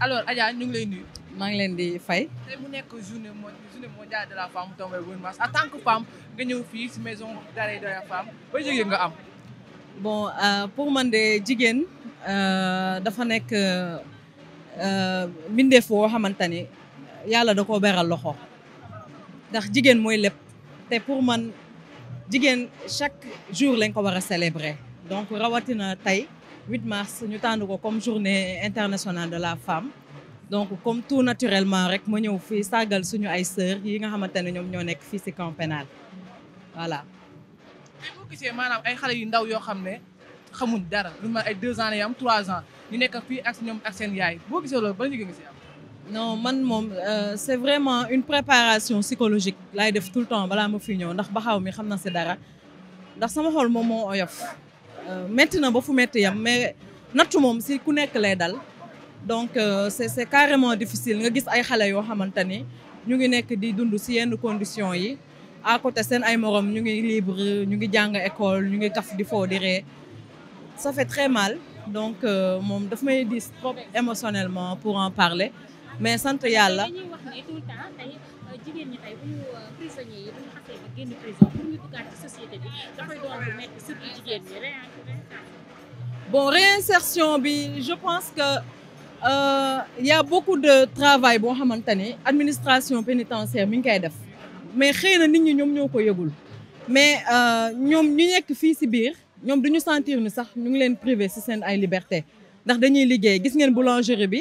alors ajaa ñu ngi lay nuyu. maa ngi leen di fay. tey mu nekk journée journée mondiale de la femme mu tombé woon mars en tant que femme nga ñëw fii si maison d'arrêt de la femme ba jigéen nga am. bon euh, pour man de jigéen euh, dafa nekk euh, mbindeef woo xamante ni yàlla da koo beral loxo ndax jigéen mooy lépp te pour man jigéen chaque jour lañ ko war a célébrer donc rawatina tey. huit mars ñu tànn ko comme journée internationale de la femme donc comme tout naturellement rek ma ñëw fii sàggal suñu ay sœurs yi nga xamante ne ñoom ñoo nekk fii si camp voilà. tey maanaam ay xale yu ndaw yoo xam ne xamuñ dara lu ma ay deux ans lay am 3 ans ñu nekk fii ak ñoom ak seen yaay boo gisee loolu ba léegi nga ci am. non man moom euh, c'est vraiment une préparation psychologique lay def tout le temps balaa ma fi ñëw ndax baxaw mi xam na si dara ndax sama xol moom moo oyof. Euh, métti na ba fu métti yam mais nattu moom si ku nekk lay dal donc euh, c'est c'est carrément difficile nga gis ay xale yoo xamante ni ñu ngi nekk di dund si yenn conditions yi à côté seen ay morom ñu ngi libre ñu ngi jàng école ñu ngi kaf di foo di ree fait très mal donc euh, moom daf may dis trop émotionnellement pour en parler mais sant yàlla jigéen ñi tey euh, bi réinsertion bi je pense que euh, y a de travaay boo xamante ne administration pénitentiaire mi ngi koy def mais xëy na nit ñi ñoom ñoo ko yëgul mais euh, ñoom ñu nekk fii si biir ñoom duñu sentir ni sax ñu ngi leen privé si seen ay liberté ndax dañuy liggéey gis ngeen boulangerie bi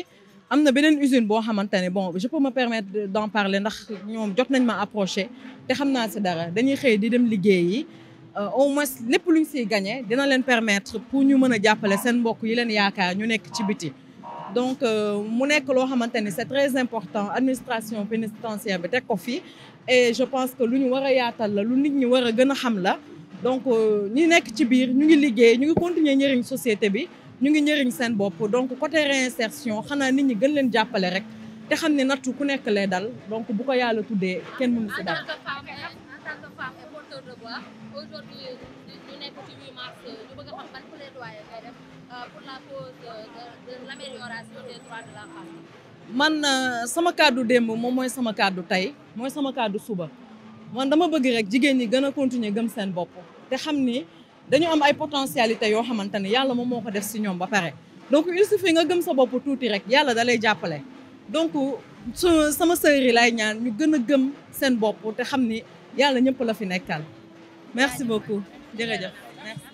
am na beneen usine boo xamante ne bon je peux me permettre d'en parler ndax ñoom jot nañ ma approché te xam naa si dara dañuy xëy di dem liggéeyi euh, au moins lépp lu ñu siy gagné dina leen permettre pour ñu mën a jàppale seen mbokk yi leen yaakaar ñu nekk ci biti. donc euh, mu nekk loo xamante ni c'est très important administration pénitentiaire bi teg ko fii et je pense que lu ñu war a yaatal la lu nit ñi war a gën a xam la donc euh, ñi nekk ci biir ñu ngi liggéey ñu ngi continuer njëriñ société bi. ñu ngi njëriñ seen bopp donc côté réinsertion xanaa nit ñi gën leen jàppale rek te xam ne nattu ku nekk lay dal donc bu ko yàlla tuddee kenn mënu si dal. Euh, man euh, sama kàddu démb moom mooy sama kàddu tey mooy sama kàddu suba man dama bëgg rek jigéen ñi gën a continuer gëm seen bopp te xam ni. dañu am ay potentialité yoo xamante ne yàlla moom moo ko def si ñoom ba pare donc il suffit nga gëm sa bopp tuuti rek yàlla dalay jàppale donc su sama sœur yi lay ñaan ñu gën a gëm seen bopp te xam ni yàlla ñëpp la fi nekkal merci beaucoup jërëjëf